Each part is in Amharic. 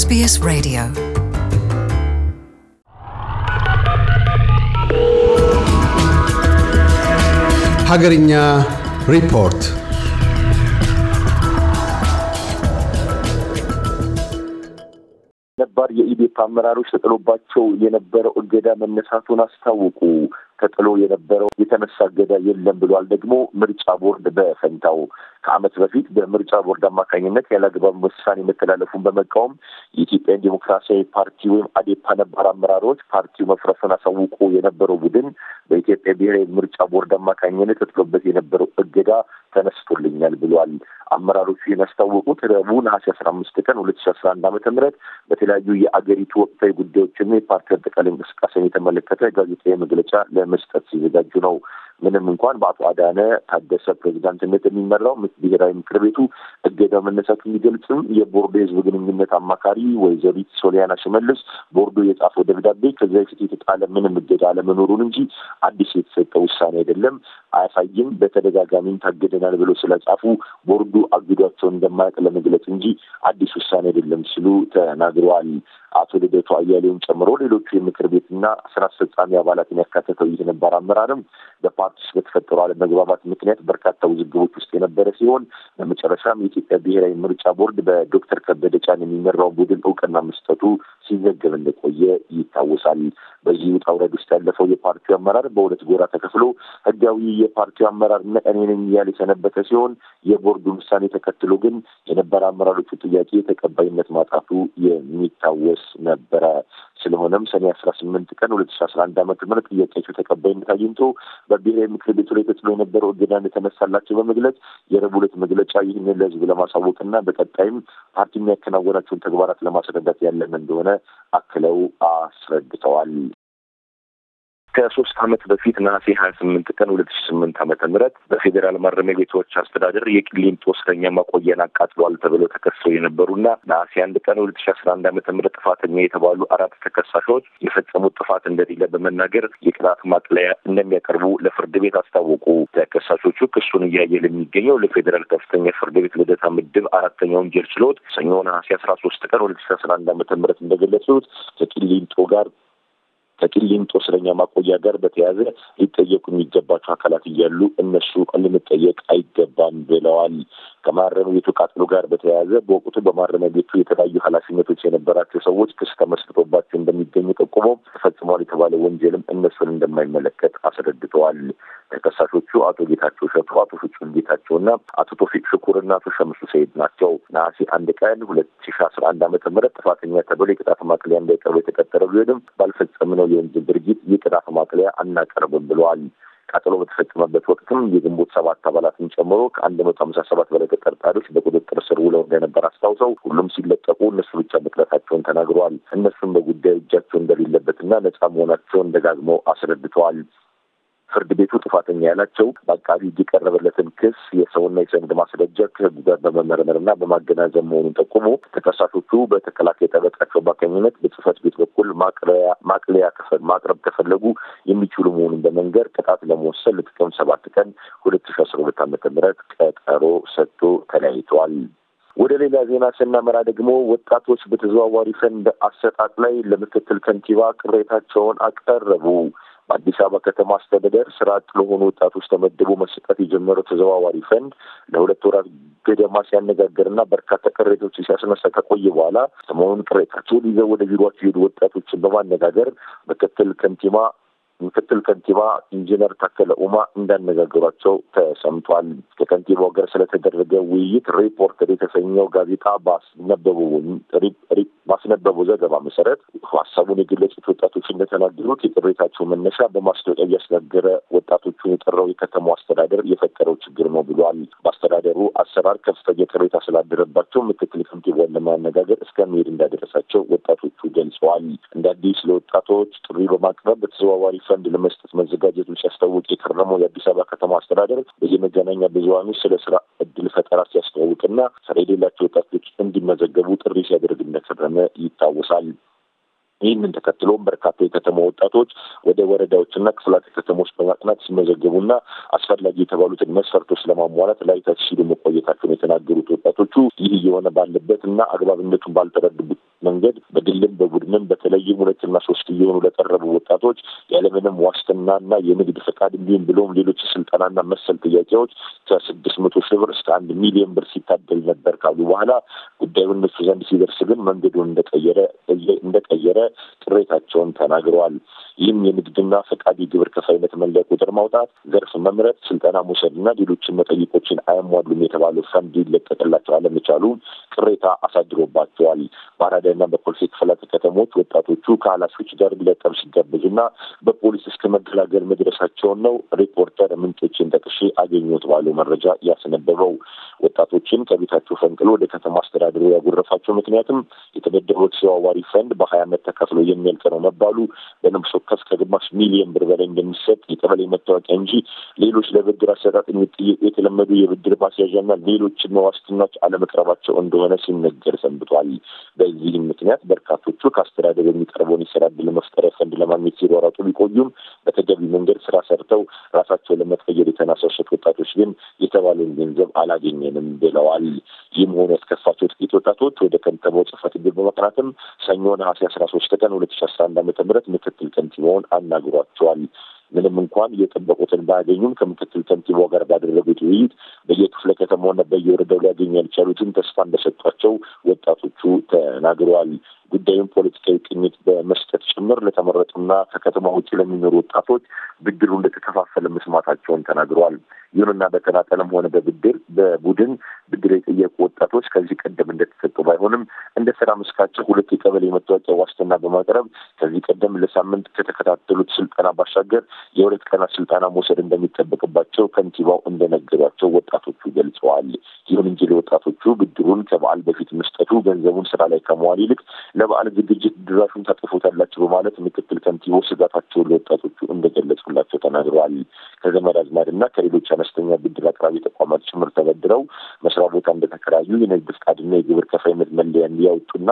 SBS Radio. ሀገርኛ ሪፖርት ነባር የኢዴፓ አመራሮች ተጥሎባቸው የነበረው እገዳ መነሳቱን አስታወቁ። ተጥሎ የነበረው የተመሳገደ የለም ብሏል። ደግሞ ምርጫ ቦርድ በፈንታው ከዓመት በፊት በምርጫ ቦርድ አማካኝነት ያለአግባብ ውሳኔ መተላለፉን በመቃወም የኢትዮጵያን ዴሞክራሲያዊ ፓርቲ ወይም አዴፓ ነባር አመራሮች ፓርቲው መፍረሱን አሳውቆ የነበረው ቡድን በኢትዮጵያ ብሔራዊ ምርጫ ቦርድ አማካኝነት ተጥሎበት የነበረው እገዳ ተነስቶልኛል ብሏል። አመራሮቹ የሚያስታወቁት ረቡዕ ነሐሴ አስራ አምስት ቀን ሁለት ሺ አስራ አንድ ዓመተ ምህረት በተለያዩ የአገሪቱ ወቅታዊ ጉዳዮችና የፓርቲ አጠቃላይ እንቅስቃሴን የተመለከተ ጋዜጣዊ መግለጫ ለመስጠት ሲዘጋጁ ነው። ምንም እንኳን በአቶ አዳነ ታደሰ ፕሬዚዳንትነት የሚመራው ብሔራዊ ምክር ቤቱ እገዳ መነሳት የሚገልጽም የቦርዶ የህዝብ ግንኙነት አማካሪ ወይዘሪት ሶሊያና ሽመልስ ቦርዶ የጻፈው ደብዳቤ ከዚያ በፊት የተጣለ ምንም እገዳ አለመኖሩን እንጂ አዲስ የተሰጠ ውሳኔ አይደለም፣ አያሳይም። በተደጋጋሚም ታገደናል ብሎ ስለጻፉ ቦርዱ አግዷቸውን እንደማያውቅ ለመግለጽ እንጂ አዲስ ውሳኔ አይደለም ሲሉ ተናግረዋል። አቶ ልደቱ አያሌውን ጨምሮ ሌሎቹ የምክር ቤትና ስራ አስፈጻሚ አባላትን ያካተተው ይህ ነባር አመራርም በፓርቲ ውስጥ በተፈጠሩ አለመግባባት ምክንያት በርካታ ውዝግቦች ውስጥ የነበረ ሲሆን በመጨረሻም የኢትዮጵያ ብሔራዊ ምርጫ ቦርድ በዶክተር ከበደ ጫን የሚመራውን ቡድን እውቅና መስጠቱ ሲዘገብ እንደቆየ ይታወሳል። በዚህ ውጣ ውረድ ውስጥ ያለፈው የፓርቲው አመራር በሁለት ጎራ ተከፍሎ ህጋዊ የፓርቲው አመራር እኔ ነኝ እያለ የሰነበተ ሲሆን የቦርዱን ውሳኔ ተከትሎ ግን የነበረ አመራሮቹ ጥያቄ ተቀባይነት ማጣቱ የሚታወስ ነበረ። ስለሆነም ሰኔ አስራ ስምንት ቀን ሁለት ሺ አስራ አንድ ዓመተ ምህረት ጥያቄያቸው ተቀባይነት አግኝቶ በብሔራዊ ምክር ቤቱ ላይ ተጥሎ የነበረው እገዳ እንደተነሳላቸው በመግለጽ የረቡዕ ዕለት መግለጫ ይህንን ለህዝብ ለማሳወቅና በቀጣይም ፓርቲ የሚያከናወናቸውን ተግባራት ለማስረዳት ያለም እንደሆነ አክለው አስረድተዋል። ከሶስት ዓመት በፊት ነሐሴ ሀያ ስምንት ቀን ሁለት ሺ ስምንት ዓመተ ምህረት በፌዴራል ማረሚያ ቤቶች አስተዳደር የቅሊንጦ እስረኛ ማቆያን አቃጥሏል ተብለው ተከሰው የነበሩና ነሐሴ አንድ ቀን ሁለት ሺ አስራ አንድ ዓመተ ምህረት ጥፋተኛ የተባሉ አራት ተከሳሾች የፈጸሙት ጥፋት እንደሌለ በመናገር የቅጣት ማቅለያ እንደሚያቀርቡ ለፍርድ ቤት አስታወቁ። ተከሳሾቹ ክሱን እያየ ለሚገኘው ለፌዴራል ከፍተኛ ፍርድ ቤት ልደታ ምድብ አራተኛ ወንጀል ችሎት ሰኞ ነሐሴ አስራ ሶስት ቀን ሁለት ሺ አስራ አንድ ዓመተ ምህረት እንደገለጹት ከቅሊንጦ ጋር ከቂሊንጦ እስረኛ ማቆያ ጋር በተያያዘ ሊጠየቁ የሚገባቸው አካላት እያሉ እነሱ ልንጠየቅ አይገባም ብለዋል። ከማረሚያ ቤቱ ቃጥሎ ጋር በተያያዘ በወቅቱ በማረሚያ ቤቱ የተለያዩ ኃላፊነቶች የነበራቸው ሰዎች ክስ ተመስርቶባቸው እንደሚገኙ ጠቁመው ተፈጽሟል የተባለ ወንጀልም እነሱን እንደማይመለከት አስረድተዋል። ተከሳሾቹ አቶ ጌታቸው ሸቱ፣ አቶ ፍጹም ጌታቸው እና አቶ ቶፊቅ ሽኩር እና አቶ ሸምሱ ሰይድ ናቸው። ነሐሴ አንድ ቀን ሁለት ሺ አስራ አንድ ዓመተ ምህረት ጥፋተኛ ተብሎ የቅጣት ማቅለያ እንዳይቀርቡ የተቀጠረው ቢሆንም ባልፈጸምነው የወንጀል ድርጊት የቅጣት ማቅለያ አናቀርብም ብለዋል። ቃጠሎ በተፈጸመበት ወቅትም የግንቦት ሰባት አባላትን ጨምሮ ከአንድ መቶ ሀምሳ ሰባት በላይ ተጠርጣሪዎች በቁጥጥር ስር ውለው እንደነበር አስታውሰው ሁሉም ሲለቀቁ እነሱ ብቻ መቅረታቸውን ተናግረዋል። እነሱም በጉዳዩ እጃቸው እንደሌለበትና ነጻ መሆናቸውን ደጋግመው አስረድተዋል። ፍርድ ቤቱ ጥፋተኛ ያላቸው በአቃቢ ሕግ የቀረበለትን ክስ የሰውና የሰነድ ማስረጃ ከሕጉ ጋር በመመርመርና በማገናዘብ መሆኑን ጠቁሞ ተከሳሾቹ በተከላካይ ጠበቃቸው አማካኝነት በጽህፈት ቤት በኩል ማቅለያ ማቅረብ ከፈለጉ የሚችሉ መሆኑን በመንገር ቅጣት ለመወሰን ለጥቅም ሰባት ቀን ሁለት ሺ አስራ ሁለት ዓመተ ምህረት ቀጠሮ ሰጥቶ ተለያይተዋል። ወደ ሌላ ዜና ስናመራ ደግሞ ወጣቶች በተዘዋዋሪ ፈንድ አሰጣጥ ላይ ለምክትል ከንቲባ ቅሬታቸውን አቀረቡ። በአዲስ አበባ ከተማ አስተዳደር ስራ አጥ ለሆኑ ወጣቶች ተመድቦ መሰጠት የጀመረው ተዘዋዋሪ ፈንድ ለሁለት ወራት ገደማ ሲያነጋገርና በርካታ ቅሬታዎች ሲያስነሳ ከቆየ በኋላ ሰሞኑን ቅሬታቸውን ይዘው ወደ ቢሮቸው የሄዱ ወጣቶችን በማነጋገር ምክትል ከንቲባ ምክትል ከንቲባ ኢንጂነር ታከለ ኡማ እንዳነጋገሯቸው ተሰምቷል። ከከንቲባው ጋር ስለተደረገ ውይይት ሪፖርተር የተሰኘው ጋዜጣ ባስነበቡ ዘገባ መሰረት ሀሳቡን የገለጹት ወጣቶች እንደተናገሩት የቅሬታቸው መነሻ በማስታወቂያ እያስነገረ ወጣቶቹን የጠራው የከተማው አስተዳደር የፈጠረው ችግር ነው አሰራር ከፍተኛ ቅሬታ ስላደረባቸው ምክትል ከንቲባን ለማነጋገር እስከ መሄድ እንዳደረሳቸው ወጣቶቹ ገልጸዋል። እንደ አዲስ ለወጣቶች ጥሪ በማቅረብ በተዘዋዋሪ ፈንድ ለመስጠት መዘጋጀቱ ሲያስታውቅ የከረመው የአዲስ አበባ ከተማ አስተዳደር በየመገናኛ ብዙኃኑ ስለ ስራ እድል ፈጠራ ሲያስተዋውቅና ስራ የሌላቸው ወጣቶች እንዲመዘገቡ ጥሪ ሲያደርግ እንደከረመ ይታወሳል። ይህንን ተከትሎም በርካታ የከተማ ወጣቶች ወደ ወረዳዎችና ክፍላተ ከተሞች በማቅናት ሲመዘገቡና አስፈላጊ የተባሉትን መስፈርቶች ለማሟላት ላይ ተሲሉ መቆየታቸውን የተናገሩት ወጣቶቹ ይህ እየሆነ ባለበት እና አግባብነቱን ባልተረዱበት መንገድ በግልም በቡድንም በተለይም ሁለትና ሶስት እየሆኑ ለቀረቡ ወጣቶች ያለምንም ዋስትናና የንግድ ፈቃድ እንዲሁም ብሎም ሌሎች ስልጠናና መሰል ጥያቄዎች ከስድስት መቶ ሺህ ብር እስከ አንድ ሚሊዮን ብር ሲታደል ነበር ካሉ በኋላ ጉዳዩ እነሱ ዘንድ ሲደርስ ግን መንገዱን እንደቀየረ እንደቀየረ ቅሬታቸውን ተናግረዋል። ይህም የንግድና ፈቃድ የግብር ከፋይነት መለያ ቁጥር ማውጣት፣ ዘርፍ መምረጥ፣ ስልጠና መውሰድና ሌሎችን መጠይቆችን አያሟሉም የተባለው ፈንድ ይለቀቅላቸው አለመቻሉ ቅሬታ አሳድሮባቸዋል። በአራዳይና በኮልፌ ክፍለ ከተሞች ወጣቶቹ ከኃላፊዎች ጋር ለጠብ ሲጋበዙና በፖሊስ እስከ መገላገል መድረሳቸውን ነው ሪፖርተር ምንጮችን ጠቅሼ አገኘሁት ባለው መረጃ ያስነበበው። ወጣቶችን ከቤታቸው ፈንቅሎ ወደ ከተማ አስተዳደሩ ያጎረፋቸው ምክንያትም የተገደበው ተዘዋዋሪ ፈንድ በሀያ ዓመት ተከፍሎ የሚያልቅ ነው መባሉ በነፍስ ወከፍ ከግማሽ ሚሊዮን ብር በላይ እንደሚሰጥ የቀበሌ መታወቂያ እንጂ ሌሎች ለብድር አሰጣጥ የተለመዱ የብድር ማስያዣና ሌሎች ዋስትናዎች አለመቅረባቸው እንደሆነ ሲነገር ሰንብቷል። በዚህም ምክንያት በርካቶቹ ከአስተዳደር የሚቀርበውን የስራ ዕድል መፍጠሪያ ፈንድ ለማግኘት ሲሯሯጡ ቢቆዩም በተገቢ መንገድ ስራ ሰርተው ራሳቸው ለመቀየር የተናሳሸት ወጣቶች ግን የተባለውን ገንዘብ አላገኘንም ብለዋል። ይህም ሆኖ ያስከፋቸው ጥቂት ወጣቶች ወደ ከንቲባው ጽሕፈት ቤት በማቅናትም ሰኞ ነሐሴ አስራ ሶስት ቀን ሁለት ሺ አስራ አንድ አመተ ምህረት ምክትል ከንቲባውን አናግሯቸዋል። ምንም እንኳን የጠበቁትን ባያገኙም ከምክትል ከንቲባው ጋር ባደረጉት ውይይት በየክፍለ ከተማውና በየወረዳው ሊያገኙ ያልቻሉትን ተስፋ እንደሰጧቸው ወጣቶቹ ተናግረዋል። ጉዳዩን ፖለቲካዊ ቅኝት በመስጠት ጭምር ለተመረጡና ከከተማ ውጭ ለሚኖሩ ወጣቶች ብድሩ እንደተከፋፈለ መስማታቸውን ተናግረዋል። ይሁንና በተናጠለም ሆነ በብድር በቡድን ብድር የጠየቁ ወጣቶች ከዚህ ቀደም እንደተሰጡ ባይሆንም እንደ ስራ መስካቸው ሁለት የቀበሌ መታወቂያ ዋስትና በማቅረብ ከዚህ ቀደም ለሳምንት ከተከታተሉት ስልጠና ባሻገር የሁለት ቀናት ስልጠና መውሰድ እንደሚጠበቅባቸው ከንቲባው እንደነገሯቸው ወጣቶቹ ገልጸዋል። ይሁን እንጂ ለወጣቶቹ ብድሩን ከበዓል በፊት መስጠቱ ገንዘቡን ስራ ላይ ከመዋል ይልቅ ለበዓል ዝግጅት ድራሹን ታጥፎታላቸው በማለት ምክትል ከንቲባው ስጋታቸውን ለወጣቶቹ እንደገለጹላቸው ተናግረዋል። ከዘመድ አዝማድ እና ከሌሎች አነስተኛ ብድር አቅራቢ ተቋማት ጭምር ተበድረው መስሪያ ቦታ እንደተከራዩ የንግድ ፍቃድና የግብር ከፋይነት መለያ ያወጡና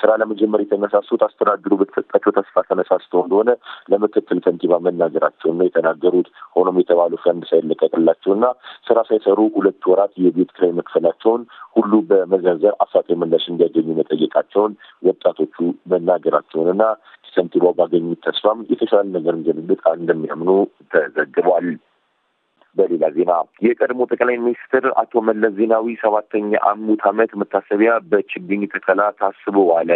ስራ ለመጀመር የተነሳሱት አስተዳድሩ በተሰጣቸው ተስፋ ተነሳስተው እንደሆነ ለምክትል ከንቲባ መናገራቸውን ነው የተናገሩት። ሆኖም የተባሉ ፈንድ ሳይለቀቅላቸውና ስራ ሳይሰሩ ሁለት ወራት የቤት ኪራይ መክፈላቸውን ሁሉ በመዘንዘር አፋጣኝ ምላሽ እንዲያገኙ መጠየቃቸውን ወጣቶቹ መናገራቸውንና ከንቲባው ባገኙት ተስፋም የተሻለ ነገር እንደሚያምኑ ተዘግቧል። በሌላ ዜና የቀድሞ ጠቅላይ ሚኒስትር አቶ መለስ ዜናዊ ሰባተኛ አሙት ዓመት መታሰቢያ በችግኝ ተከላ ታስቦ አለ።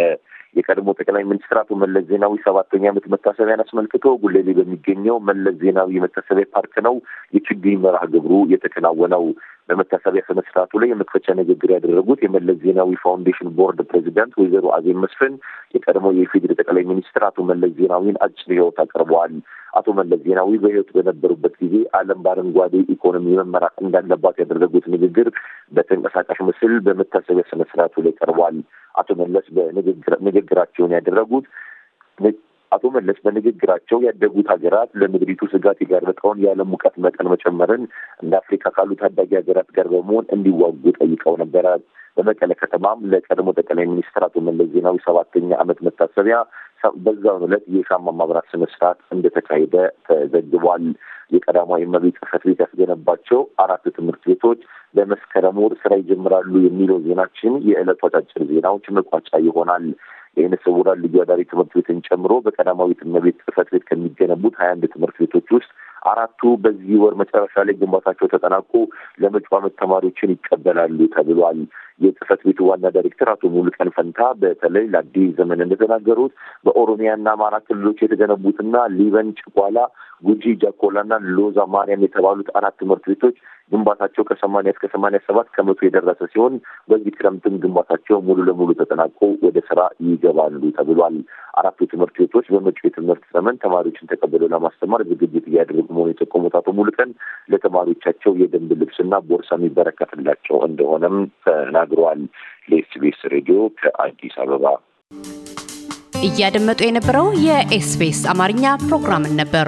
የቀድሞ ጠቅላይ ሚኒስትር አቶ መለስ ዜናዊ ሰባተኛ ዓመት መታሰቢያን አስመልክቶ ጉሌሌ በሚገኘው መለስ ዜናዊ መታሰቢያ ፓርክ ነው የችግኝ መርሃ ግብሩ የተከናወነው። በመታሰቢያ ስነ ስርዓቱ ላይ የመክፈቻ ንግግር ያደረጉት የመለስ ዜናዊ ፋውንዴሽን ቦርድ ፕሬዚዳንት ወይዘሮ አዜብ መስፍን የቀድሞው የኢፌዴሪ ጠቅላይ ሚኒስትር አቶ መለስ ዜናዊን አጭር ህይወት አቅርበዋል። አቶ መለስ ዜናዊ በህይወት በነበሩበት ጊዜ ዓለም በአረንጓዴ ኢኮኖሚ መመራት እንዳለባት ያደረጉት ንግግር በተንቀሳቃሽ ምስል በመታሰቢያ ስነ ስርዓቱ ላይ ቀርቧል። አቶ መለስ በንግግራቸውን ያደረጉት አቶ መለስ በንግግራቸው ያደጉት ሀገራት ለምድሪቱ ስጋት የጋረጠውን የዓለም ሙቀት መጠን መጨመርን እንደ አፍሪካ ካሉ ታዳጊ ሀገራት ጋር በመሆን እንዲዋጉ ጠይቀው ነበረ። በመቀለ ከተማም ለቀድሞ ጠቅላይ ሚኒስትር አቶ መለስ ዜናዊ ሰባተኛ ዓመት መታሰቢያ በዛውን ዕለት የሻማ ማብራት ስነስርዓት እንደተካሄደ ተዘግቧል። የቀዳማዊ እመቤት ጽፈት ቤት ያስገነባቸው አራት ትምህርት ቤቶች በመስከረም ወር ስራ ይጀምራሉ የሚለው ዜናችን የዕለቱ አጫጭር ዜናዎች መቋጫ ይሆናል። የዓይነ ስውራን ልዩ አዳሪ ትምህርት ቤትን ጨምሮ በቀዳማዊት እመቤት ጽሕፈት ቤት ከሚገነቡት ሀያ አንድ ትምህርት ቤቶች ውስጥ አራቱ በዚህ ወር መጨረሻ ላይ ግንባታቸው ተጠናቆ ለመጪው ዓመት ተማሪዎችን ይቀበላሉ ተብሏል። የጽህፈት ቤቱ ዋና ዳይሬክተር አቶ ሙሉቀን ፈንታ በተለይ ለአዲስ ዘመን እንደተናገሩት በኦሮሚያና አማራ ክልሎች የተገነቡትና ሊበን፣ ጭቋላ፣ ጉጂ፣ ጃኮላ ና ሎዛ ማርያም የተባሉት አራት ትምህርት ቤቶች ግንባታቸው ከሰማኒያ እስከ ሰማኒያ ሰባት ከመቶ የደረሰ ሲሆን በዚህ ክረምትም ግንባታቸው ሙሉ ለሙሉ ተጠናቆ ወደ ስራ ይገባሉ ተብሏል። አራቱ ትምህርት ቤቶች በመጪው የትምህርት ዘመን ተማሪዎችን ተቀብለው ለማስተማር ዝግጅት እያደረጉ መሆኑ የጠቆሙት አቶ ሙሉቀን ለተማሪዎቻቸው የደንብ ልብስና ቦርሳ የሚበረከትላቸው እንደሆነም ተናግረዋል። ለኤስቢኤስ ሬዲዮ ከአዲስ አበባ እያደመጡ የነበረው የኤስቢኤስ አማርኛ ፕሮግራምን ነበር።